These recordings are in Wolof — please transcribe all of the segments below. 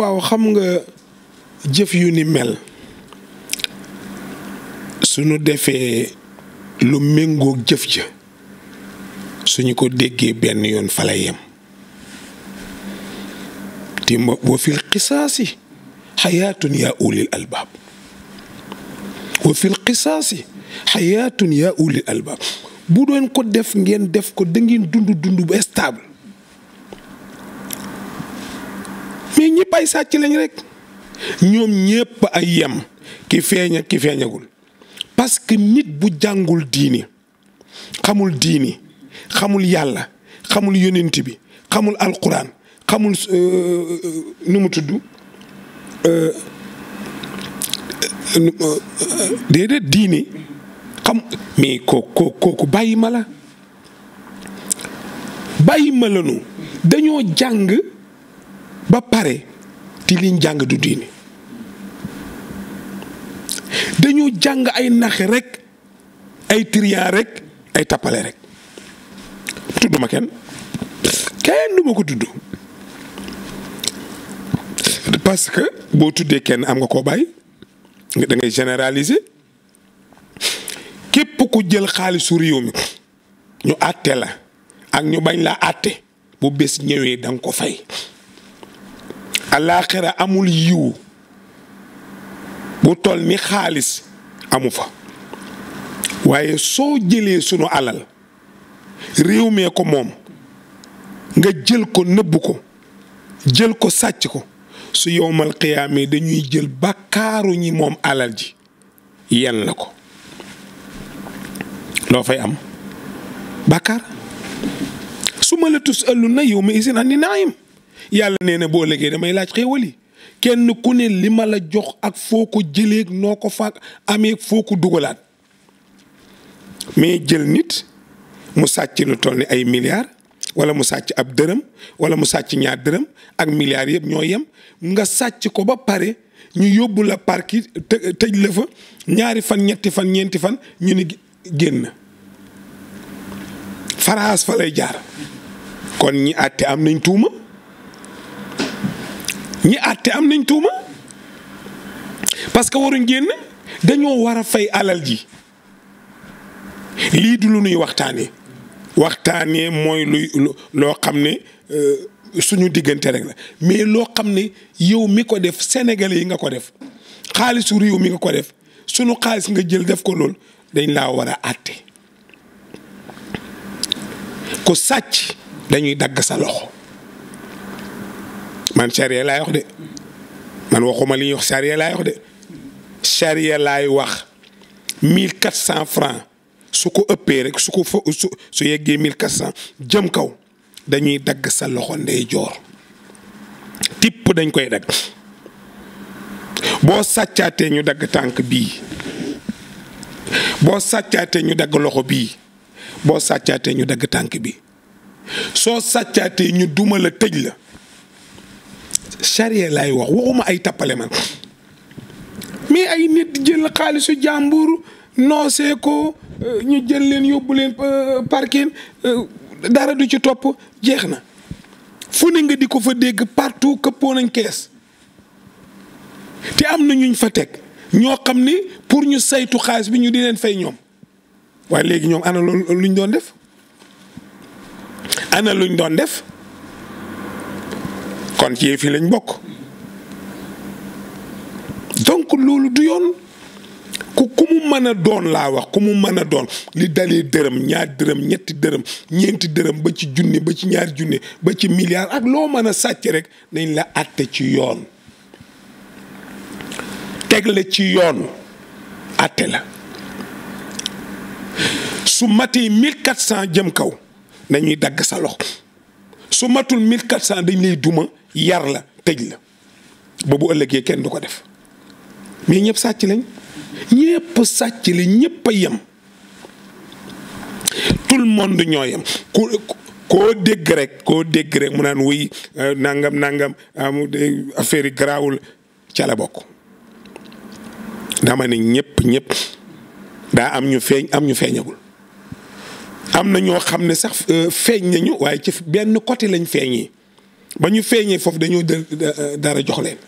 waaw xam nga jëf yu ni mel suñu defee lu méngoog jëf ja suñu ko déggee benn yoon fala yem te wa fil qisaasi xayaatun yaa ulil albaab wa fil qisaasi xayaatun yaa ulil albaab bu doon ko def ngeen def ko da dund dund bu stable ñëpp ay sàcc lañ rek ñoom ñëpp ay yem ki feeñ ki feeñagul parce que nit bu jàngul diini xamul diini xamul yàlla xamul yonent bi xamul alquran xamul euh, euh, nu mu tudd euh, déedéet diini xam mais kooku kooku bàyyi ma la bàyyi ma la nu dañoo jàng ba pare te liñ jàng du diine dañu jàng ay nax rek ay trian rek ay tappale rek tudd ma kenn kenn du ko tudd parce que boo tuddee kenn am nga koo bàyyi da dangay généraliser képp ko jël xaalisu réew mi ñu àtte la ak ñu bañ laa àtte bu bés ñëwee danga nga ko fay alaaxira amul yiw bu toll ni xaalis amu fa waaye soo jëlee sunu alal réew mee ko moom nga jël ko nëbb ko jël ko sàcc ko su yowmal qiyaamee dañuy jël bàkkaaru ñi moom alal ji yan la ko loo fay am bàkkaar su ma la tus ëllu na yow ma isin ani naayim yàlla nee na boo légéey damay laaj xéewal kenn ku ne li ma la jox ak foo ko jëleeg noo ko fa amee foo ko dugalaat mais jël nit mu sàcc lu toll ni ay milliards wala mu sàcc ab dërëm wala mu sàcc ñaar dërëm ak milliards yëpp ñoo yem nga sàcc ko ba pare ñu yóbbu la parki tëj la fa ñaari fan ñetti fan ñeenti fan ñu ni génn faraas fa lay jaar kon ñi àtte am nañ tuuma ñi àtte am nañ tuuma parce que waruñ génn dañoo war a fay alal ji lii du lu nuy waxtaanee waxtaanee mooy luy loo xam ne euh, suñu diggante rek la mais loo xam ne yow mi ko def sénégalais yi nga ko def xaalisu réew mi nga ko def sunu xaalis nga jël def ko lool dañ laa war a àtte ku sàcc dañuy dagg sa loxo. man sariya laay wax de man waxuma li ñuy wax sariya laay wax de sariya laay wax mille quatre cent francs su ko ëppee rek su ko su yeggee mille quatre cent jëm kaw dañuy dagg sa loxo ndey joor tipp dañ koy dagg boo sàccaatee ñu dagg tànk bii boo sàccaatee ñu dagg loxo bii boo sàccaatee ñu dagg tànk bi soo sàccaatee ñu duma la tëj la sariya laay wax waxuma ay tappale man mais ay nit jël xaalisu jàmbur noosee ko euh, ñu jël leen yóbbu leen euh, parking euh, dara du ci topp jeex na fu ne nga di ko fa dégg partout këppoo nañ kees te am na ñuñ fa teg ñoo xam ni pour ñu saytu xaalis bi ñu di leen fay ñoom waaye léegi ñoom ana ñu doon def ana luñ doon def kon ci fii lañ bokk donc loolu du yoon ku ku mu mën a doon laa wax ku mu mën a doon li dalee dërëm ñaar dërëm ñetti dërëm ñeenti dërëm ba ci junni ba ci ñaar junni ba ci milliard ak loo mën a sàcc rek nañ la àtte ci yoon tegle ci yoon àtte la su matee mille jëm kaw nañuy dagg sa loxo su matul mille dañ lay duma yar la tëj la ba bu ëllëgee kenn du ko def mais ñëpp sàcc lañ ñëpp sàcc li ñëpp a yem tout le monde ñoo yem ku dégg rek koo dégg rek mu naan wuy euh, nangam nangam ah, affaire yi garaawul ca la bokk dama ne ñëpp ñëpp daa am ñu feeñ am ñu feeñagul am na ñoo xam ne sax euh, feeñ nañu waaye ci benn côté lañ feeñee ba ñu feeñee foofu dañoo dara jox leen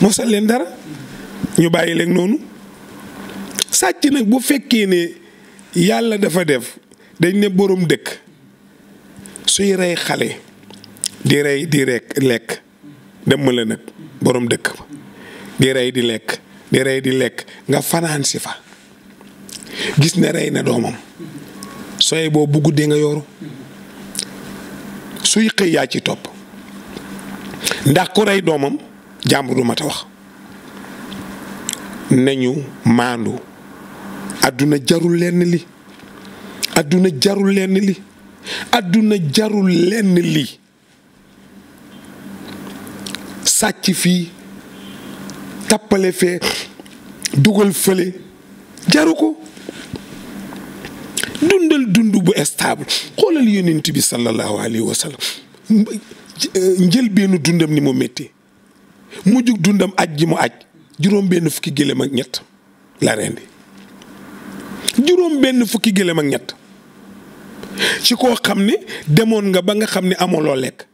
mosal leen dara ñu bàyyi leen noonu sàcc nag bu fekkee ne yàlla dafa def dañ ne boroom dëkk suy rey xale di rey di rekk lekk dem la nag boroom dëkk di rey di lekk di rey di lekk nga fanaan si fa gis ne rey na doomam sooy boo bu guddee nga yooru suy xëy yaa ci topp ndax ku rey doomam jàmbur du mat a wax nañu maandu àdduna jarul lenn li àdduna jaru lenn li àdduna jarul lenn lii sàcc fii tappale fee dugal fële jaru ko dundal dund bu stable xoolal yonent bi sallallahu alayhi wa sallam njëlbeenu dundam ni mu métti mujjug dundam aj ji mu aj juróom benn fukki gëléem ak ñett la rendi juróom benn fukki gëléem ñett ci koo xam ne demoon nga ba nga xam ni amuloo lekk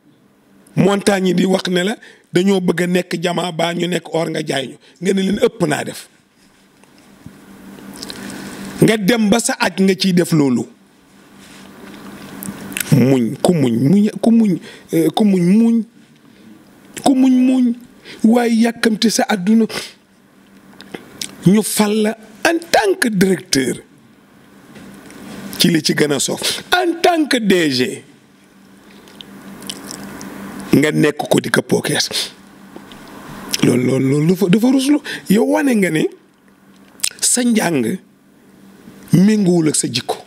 montagne yi di wax ne la dañoo bëgg a nekk jamaa baa ñu nekk or nga jaay ñu nga ne leen ëpp naa def nga dem ba sa aj nga ciy def loolu muñ ku muñ muñ ku muñ eh, ku muñ waaye yàkkamte sa àdduna ñu fal la en tant directeur ci li ci gën a soof en tant que DG nga nekk ko di këppoo kees loolu loolu loolu dafa dafa ruslu yow wane nga ne sa njàng méngoowul ak sa jikko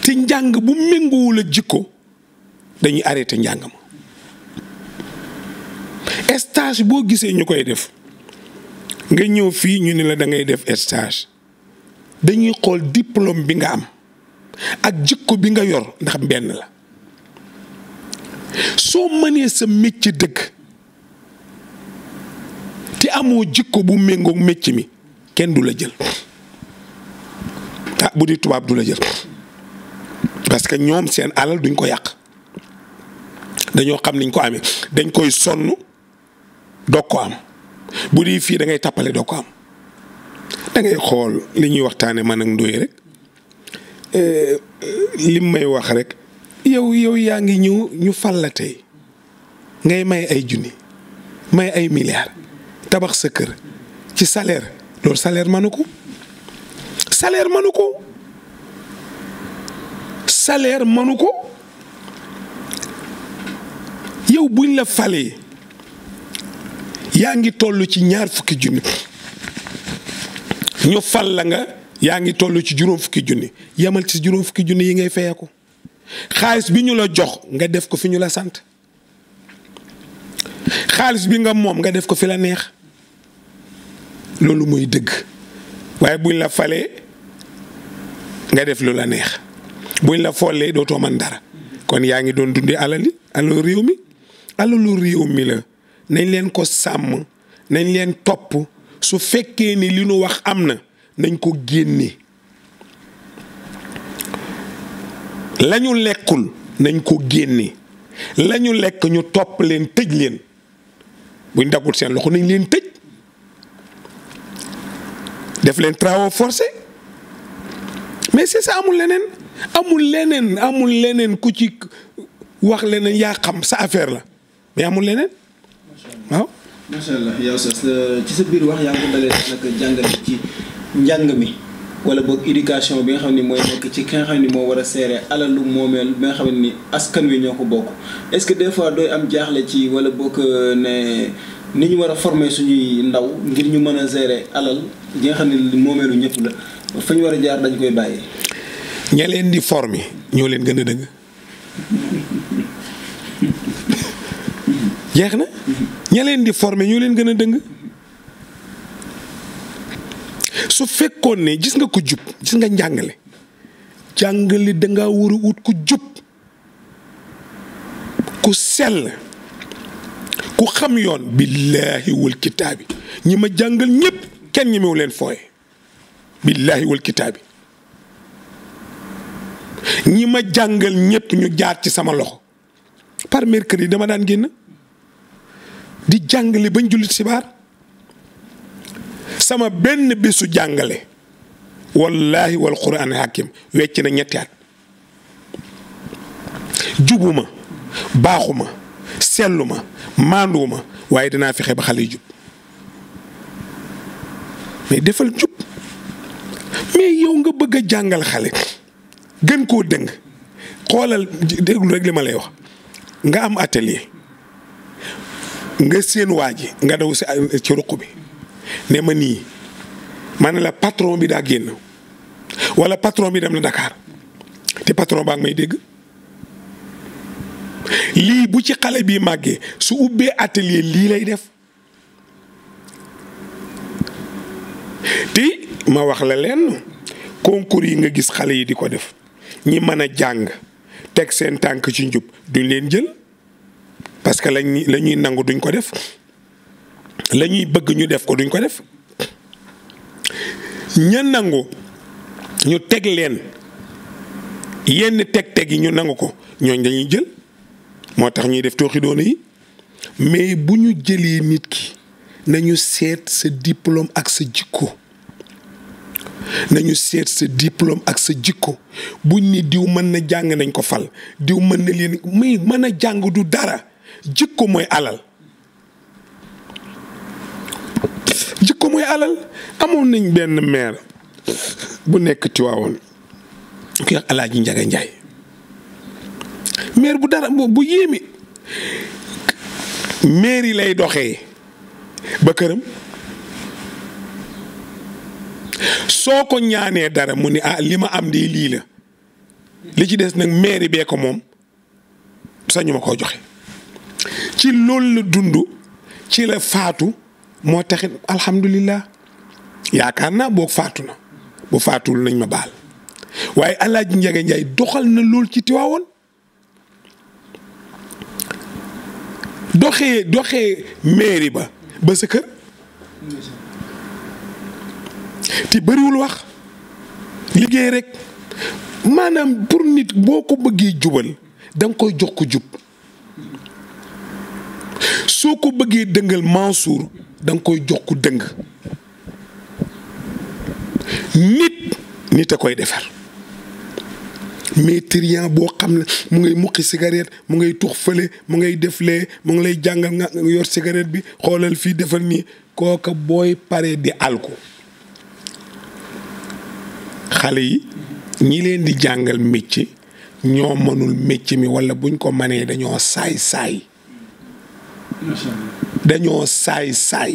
te njàng bu méngoowul ak jikko dañuy arrêté njàng ma stage boo gisee ñu koy def nga ñëw fii ñu ne la da def stage dañuy xool diplôme bi nga am ak jikko bi nga yor ndax benn la soo mënee sa métier dëgg te amoo jikko bu méngoog métier mi kenn du la jël bu di tubaab du la jël parce que ñoom seen alal duñ ko yàq dañoo xam niñ ko amee dañ koy sonn doog ko am bu di fii da ngay tàppale doog ko am da ngay xool li ñuy waxtaane man ak Ndoye rek eh, eh, lim may wax rek yow yow yaa ngi ñëw ñu fal la tey ngay may ay junni may ay milliards tabax sa kër ci salaire loolu salaire mënu ko salaire mënu ko salaire mënu ko yow buñ la falee yaa ngi toll ci ñaar fukki junni ñu fal la nga yaa ngi tollu ci juróom fukki junni yamal ci juróom fukki junni yi ngay fayee ko xaalis bi ñu la jox nga def ko fi ñu la sant xaalis bi nga moom nga def ko fi la neex loolu mooy dëgg waaye buñ la falee nga def lu la neex buñ la follee dootoo man dara kon yaa ngi doon dundi alali alalu réew mi alalu réew mi la nañ leen ko sàmm nañ leen topp su fekkee ni li nu wax am na nañ ko génne lañu lekkul nañ ko génne lañu lekk ñu topp leen tëj leen buñ daggul seen loxo nañ leen tëj def leen travaux forcés mais c'est ça amul leneen amul leneen amul leneen ku ci wax leneen yaa xam sa affaire la mais amul leneen waaw. macha allah yow sax euh, ci sa biir wax yaa ngi ko dalee daanaka jàngale ci njàng mi. wala boog éducation bi nga xam ne mooy nekk ci ki nga xam ne moo war a seere alalu moomeel bi nga xam ni askan wi ñoo ko bokk est-ce que des fois dooy am jaaxle ci wala boog euh, ne ni ñu war a former suñuy ndaw ngir ñu mën a seere alal gi nga xam ne moomeelu ñëpp la fu ñu war a jaar dañ koy bàyyi. ña di forme ñoo leen gën a dëgg. jeex na ña di forme ñoo leen gën a dëng su fekkoon ne gis nga ko jub gis nga njàngale jàngale danga war a wut ku jub ku sell ku xam yoon billaahi wal kitaabi ñi ma jàngal ñépp kenn ñemewu leen fooye billaahi wal ñi ma jàngal ñëpp ñu jaar ci sama loxo par yi dama daan génn di jàngale bañ jullit sibaar sama benn bésu jàngale wallaahi wal quraan hakim wecc na ñetti at jubuma baaxuma selluma maanduwuma waaye danaa fexe ba xale yi jub mais defal jub mais yow nga bëgg a jàngal xale gën koo dëng xoolal déglu rek ma lay wax nga am atelier nga seen waa ji nga daw si ci ruq bi ne ma nii ma ne la patron bi daa génn wala patron bi dem na Dakar te patron baa ngi may dégg lii bu ci xale bi màggee su ubbee atelier lii lay def ti ma wax la leen concours yi nga gis xale yi di ko def ñi mën a jàng teg seen tànk ci njub duñ leen jël parce que lañ la nangu duñ ko def la ñuy bëgg ñu def ko duñ ko def ña nangu ñu teg leen yenn teg-teg yi ñu nangu ko ñooñ lañuy jël moo tax ñuy def tooxi doona yi mais bu ñu jëlee nit nañu seet sa diplôme ak sa jikko nañu seet sa diplôme ak sa jikko buñ ni diw mën na jàng nañ ko fal diw mën na leen muy mën a jàng du dara jikko mooy alal jikko mooy alal amoon nañ benn maire bu nekk Tiwaawoon ku wax Alaaji Njaga Njaay maire bu dara bu yéeme maire yi lay doxee ba këram soo ko ñaanee dara mu ni ah li ma am di lii la li ci des nag mairie bee ko moom sañu ma koo joxe ci loolu la dund ci la faatu moo taxit alhamdulilah yaakaar naa boo faatu na bu faatul nañ ma baal waaye Alaaji Njaga Njaay doxal na lool ci Tiwaawoon doxee doxee mairie ba ba sa kër te bëriwul wax liggéey rek maanaam pour nit boo ko bëggee jubal danga nga koy jox ko jub soo ko bëggee dëngal Mansour danga koy jox ko dëng nit nit a koy defar mais triant boo xam ne mu ngay muqi cigarette mu ngay tux fële mu ngay def lee mu ngi lay jàngal nga yor cigarette bi xoolal fii defal nii kooka booy pare di alku xale yi ñi leen di jàngal métier ñoo mënul métier mi walla buñ ko mënee dañoo saay saay dañoo saay saay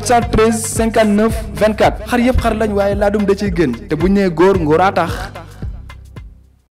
413 59 24 xar yëpp xar lañ waaye laa dum da ciy te bu ñu nee góor ngóoraa tax